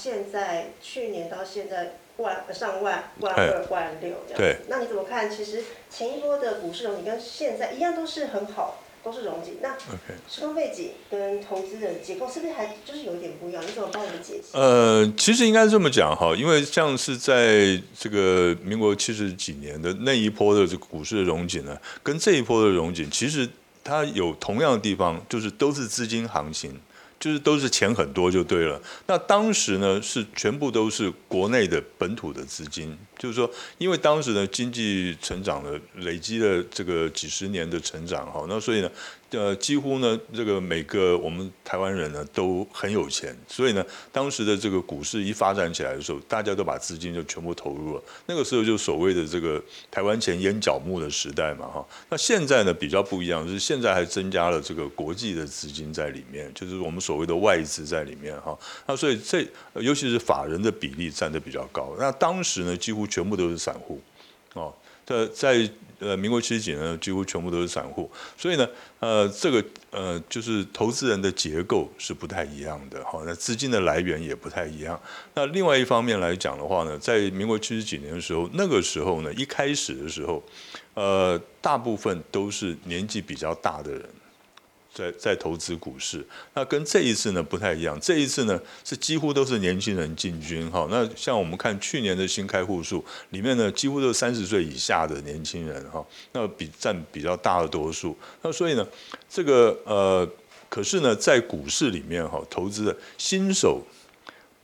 現在去年到現在萬上萬萬二萬六這樣，對那你怎麼看？其實前一波的股市榮景跟現在一樣都是很好，都是榮景。那 Okay. 時空背景跟投資人的結構是不是還就是有點不一樣？你怎麼幫我們解析？呃，其實應該這麼講哈，因為像是在這個民國七十幾年的那一波的這個股市的榮景呢，跟這一波的榮景其實它有同樣的地方，就是都是資金行情。就是都是錢很多就對了。那當時呢是全部都是國內的本土的資金，就是說，因為當時呢經濟成長的累積了這個幾十年的成長，哈，那所以呢。呃，幾乎呢，這個每個我們台灣人呢都很有錢，所以呢，當時的這個股市一發展起來的時候，大家都把資金就全部投入了。那個時候就所謂的這個台灣錢淹腳目的時代嘛哈、哦。那現在呢比較不一樣，就是現在還增加了這個國際的資金在裡面，就是我們所謂的外資在裡面哈、哦。那所以這尤其是法人的比例占得比較高。那當時呢幾乎全部都是散戶，啊、哦，在在。呃，民國七十幾年呢，幾乎全部都是散戶，所以呢，呃，這個呃，就是投資人的結構是不太一樣的，好，那資金的來源也不太一樣。那另外一方面來講的話呢，在民國七十幾年的時候，那個時候呢，一開始的時候，呃，大部分都是年紀比較大的人。在在投資股市，那跟這一次呢不太一樣。這一次呢是幾乎都是年輕人進軍哈。那像我們看去年的新開戶數裡面呢，幾乎都是三十歲以下的年輕人哈。那比占比較大的多數。那所以呢，這個呃，可是呢在股市裡面哈，投資的新手。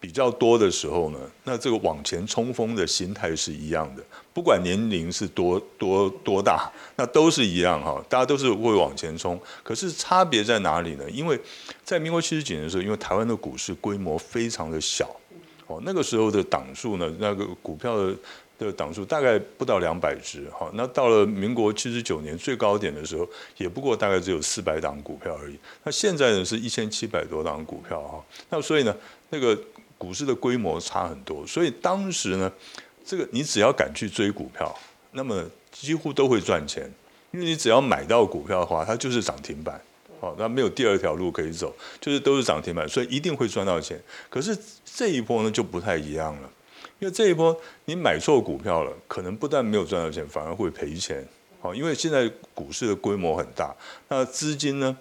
比較多的時候呢，那這個往前衝鋒的心態是一樣的，不管年齡是多多多大，那都是一樣哈，大家都是會往前衝。可是差別在哪裡呢？因為，在民國七十九年的時候，因為台灣的股市規模非常的小，哦，那個時候的檔數呢，那個股票的的檔數大概不到兩百隻哈。那到了民國七十九年最高點的時候，也不過大概只有四百檔股票而已。那現在呢，是一千七百多檔股票哈。那所以呢，那個。股市的規模差很多，所以當時呢，這個你只要敢去追股票，那麼幾乎都會賺錢，因為你只要買到股票的話，它就是漲停板，好、哦，那沒有第二條路可以走，就是都是漲停板，所以一定會賺到錢。可是這一波呢就不太一樣了，因為這一波你買錯股票了，可能不但沒有賺到錢，反而會賠錢，好、哦，因為現在股市的規模很大，那資金呢？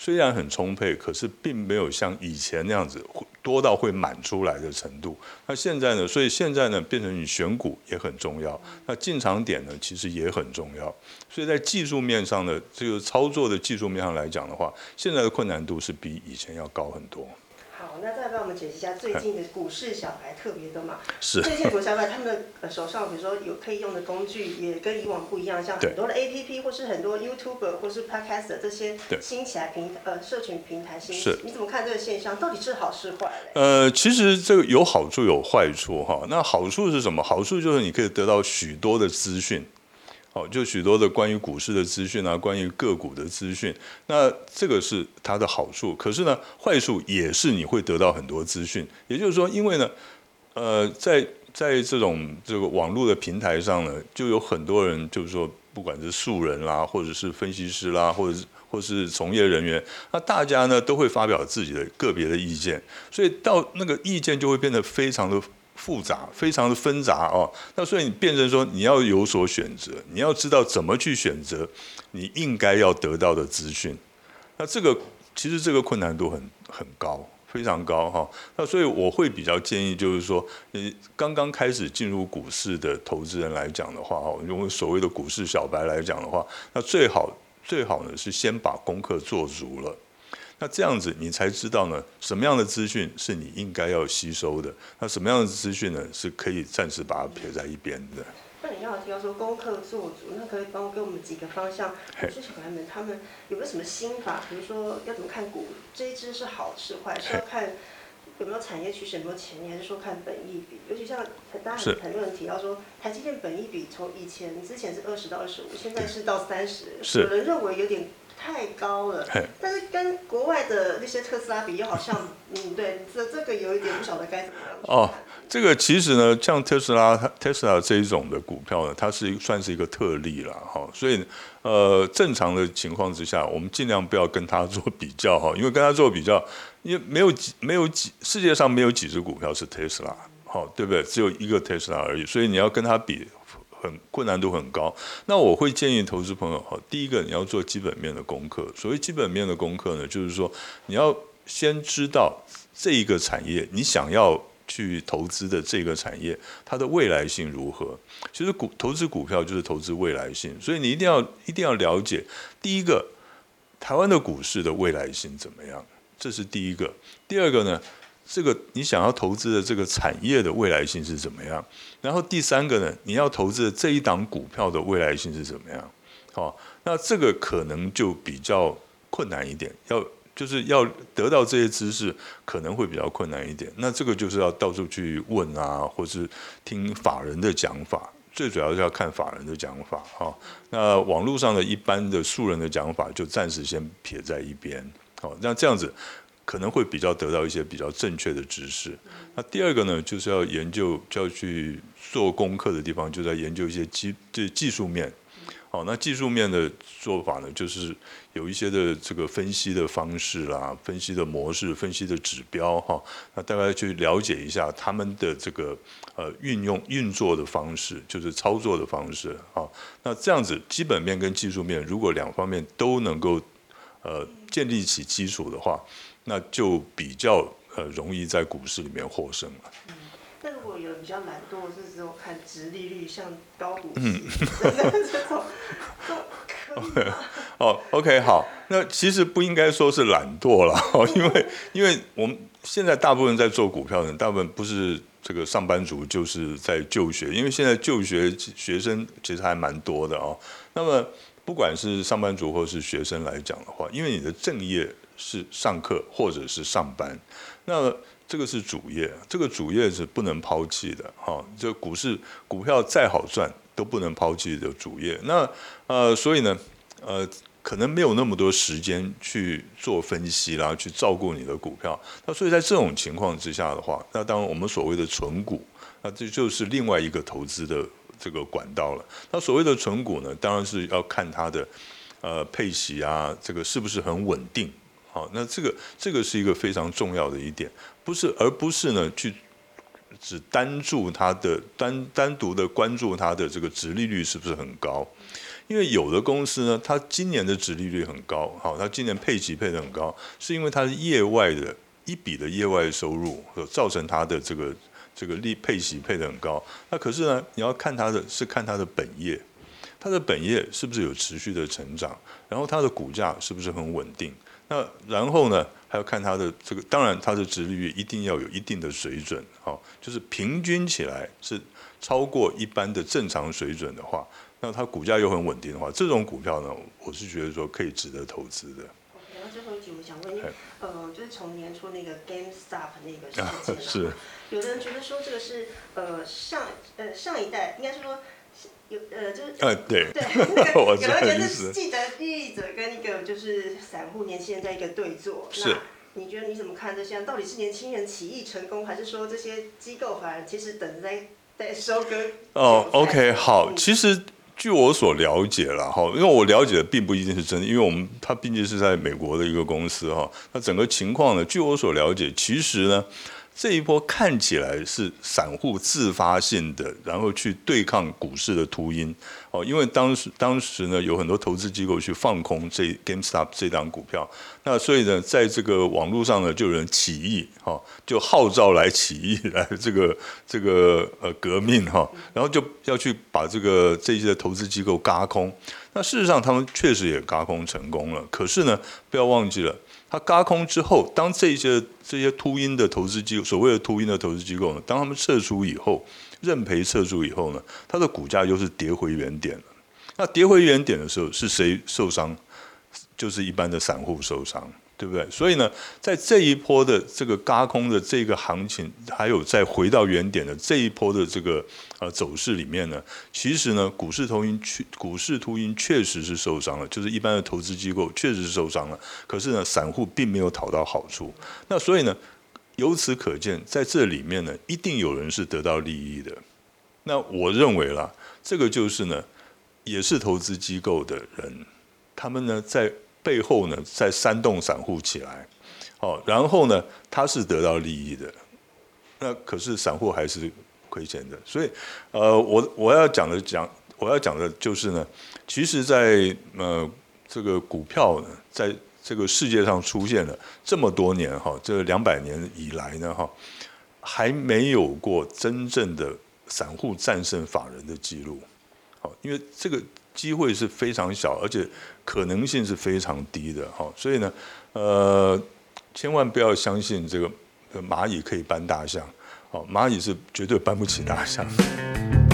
雖然很充沛，可是並沒有像以前那樣子多到會滿出來的程度。那現在呢？所以現在呢，變成你選股也很重要。那進場點呢，其實也很重要。所以在技術面上的這個操作的技術面上來講的話，現在的困難度是比以前要高很多。那再幫我們解析一下，最近的股市小白特別多嘛。是最近股小白，他們的手上比如說有可以用的工具，也跟以往不一樣，像很多的 APP，對或是很多 YouTuber，或是 Podcaster 這些新起來平對呃社群平台新。是，你怎麼看這個現象？到底是好是壞？呃，其實這個有好處有壞處哈。那好處是什麼？好處就是你可以得到許多的資訊。哦，就許多的關於股市的資訊啊，關於個股的資訊，那這個是它的好處。可是呢，壞處也是你會得到很多資訊。也就是說，因為呢，呃，在在這種這個網絡的平台上呢，就有很多人，就是說，不管是素人啦，或者是分析師啦，或者是或者是從業人員，那大家呢都會發表自己的個別的意見，所以到那個意見就會變得非常的。複雜，非常的紛雜哦，那所以你變成說你要有所選擇，你要知道怎麼去選擇，你應該要得到的資訊，那這個其實這個困難度很很高，非常高哈。那所以我會比較建議就是說，你剛剛開始進入股市的投資人來講的話，哈，用所謂的股市小白來講的話，那最好最好呢是先把功課做足了。那這樣子，你才知道呢，什麼樣的資訊是你應該要吸收的，那什麼樣的資訊呢，是可以暫時把它撇在一邊的。那你剛好提到說功課做足，那可以幫我給我們幾個方向，還是小孩們他們有沒有什麼心法，比如說要怎麼看股這一支是好是壞，嘿是要看有沒有產業趨勢多錢你還是說看本益比？尤其像大家很多人提到說，是台積電本益比從以前之前是二十到二十五，現在是到三十嘿，有人認為有點。太高了，但是跟國外的那些特斯拉比，又好像，嗯，對，這這個有一點不曉得該怎麼樣看。哦，這個其實呢，像特斯拉、特斯拉這一種的股票呢，它是算是一個特例了，哈、哦。所以，呃，正常的情況之下，我們盡量不要跟它做比較，哈，因為跟它做比較，因為沒有幾、沒有幾，世界上沒有幾隻股票是特斯拉，好、哦，對不對？只有一個特斯拉而已，所以你要跟它比。很困難度很高，那我會建議投資朋友哈，第一個你要做基本面的功課。所謂基本面的功課呢，就是說你要先知道這一個產業，你想要去投資的這個產業，它的未來性如何？其實股投資股票就是投資未來性，所以你一定要一定要了解。第一個，台灣的股市的未來性怎麼樣？這是第一個。第二個呢？這個你想要投資的這個產業的未來性是怎麼樣？然後第三個呢，你要投資的這一檔股票的未來性是怎麼樣？好、哦，那這個可能就比較困難一點，要就是要得到這些知識可能會比較困難一點。那這個就是要到處去問啊，或是聽法人的講法，最主要是要看法人的講法啊、哦。那網絡上的一般的素人的講法就暫時先撇在一邊。好、哦，那這樣子。可能會比較得到一些比較正確的知識。那第二個呢，就是要研究，就要去做功課的地方，就在、是，研究一些基這技術面。好、嗯，那技術面的做法呢，就是有一些的這個分析的方式啦、啊，分析的模式、分析的指標哈。那大家去了解一下他們的這個呃運用運作的方式，就是操作的方式。好，那這樣子，基本面跟技術面，如果兩方面都能夠呃建立起基礎的話，那就比較呃容易在股市裡面獲勝了，嗯。嗯，那如果有比較懶惰，是只有看殖利率，像高股息，哦，OK，好，那其實不應該說是懶惰了， 因為因為我們現在大部分在做股票的人，大部分不是這個上班族，就是在就學，因為現在就學學生其實還蠻多的啊，喔。那麼不管是上班族或是學生來講的話，因為你的正業，是上課或者是上班，那這個是主業，這個主業是不能拋棄的哈。這、哦、股市股票再好賺，都不能拋棄的主業。那呃，所以呢，呃，可能沒有那麼多時間去做分析啦，去照顧你的股票。那所以在這種情況之下的話，那當然我們所謂的存股，那這就是另外一個投資的這個管道了。那所謂的存股呢，當然是要看它的呃配息啊，這個是不是很穩定。哦，那這個這個是一個非常重要的一點，不是而不是呢去只單注它的單單獨的關注它的這個殖利率是不是很高？因為有的公司呢，它今年的殖利率很高，好，它今年配息配的很高，是因為它的業外的一筆的業外的收入造成它的這個這個利配息配的很高。那可是呢，你要看它的是看它的本業，它的本業是不是有持續的成長，然後它的股價是不是很穩定？那然後呢，還要看它的這個，當然它的殖利率一定要有一定的水準，好，就是平均起來是超過一般的正常水準的話，那它股價又很穩定的話，這種股票呢，我是覺得說可以值得投資的。Okay, 然後最後一題我想問，呃，就是從年初那個 GameStop 那個 是有的人覺得說這個是呃上呃上一代應該是說。有呃，就是呃，對對，我覺得、那個、知有就是記得利益者跟一個就是散戶年輕人在一個對坐。是。那你覺得你怎麼看這些人？到底是年輕人起義成功，還是說這些機構反而其實等着在在收割？哦、oh, 才，OK，好，你其實據我所了解了哈，因為我了解的並不一定是真的，因為我們它畢竟是在美國的一個公司哈，那整個情況呢，據我所了解，其實呢。這一波看起來是散戶自發性的，然後去對抗股市的禿鷹哦，因為當時當時呢有很多投資機構去放空這 GameStop 這檔股票，那所以呢在這個網路上呢就有人起義哈、哦，就號召來起義來這個這個呃革命哈、哦，然後就要去把這個這些的投資機構軋空，那事實上他們確實也軋空成功了，可是呢不要忘記了。他軋空之後，當這些這些禿鷹的投資機構，所謂的禿鷹的投資機構呢，當他們撤出以後，認賠撤出以後呢，它的股價又是跌回原點了。那跌回原點的時候，是誰受傷？就是一般的散戶受傷。對不對？所以呢，在這一波的這個軋空的這個行情，還有再回到原點的這一波的這個呃走勢裡面呢，其實呢，股市禿鷹確股市禿鷹確實是受傷了，就是一般的投資機構確實是受傷了。可是呢，散戶並沒有討到好處。那所以呢，由此可見，在這裡面呢，一定有人是得到利益的。那我認為啦，這個就是呢，也是投資機構的人，他們呢在。背後呢，在煽動散戶起來，好、哦，然後呢，他是得到利益的，那可是散戶還是虧錢的。所以，呃，我我要講的講，我要講的就是呢，其實在，在呃這個股票呢在這個世界上出現了這麼多年哈、哦，這兩百年以來呢哈、哦，還沒有過真正的散戶戰勝法人的記錄，好、哦，因為這個。機會是非常小，而且可能性是非常低的，所以呢，呃，千萬不要相信這個螞蟻可以搬大象，螞蟻是絕對搬不起大象。嗯嗯嗯嗯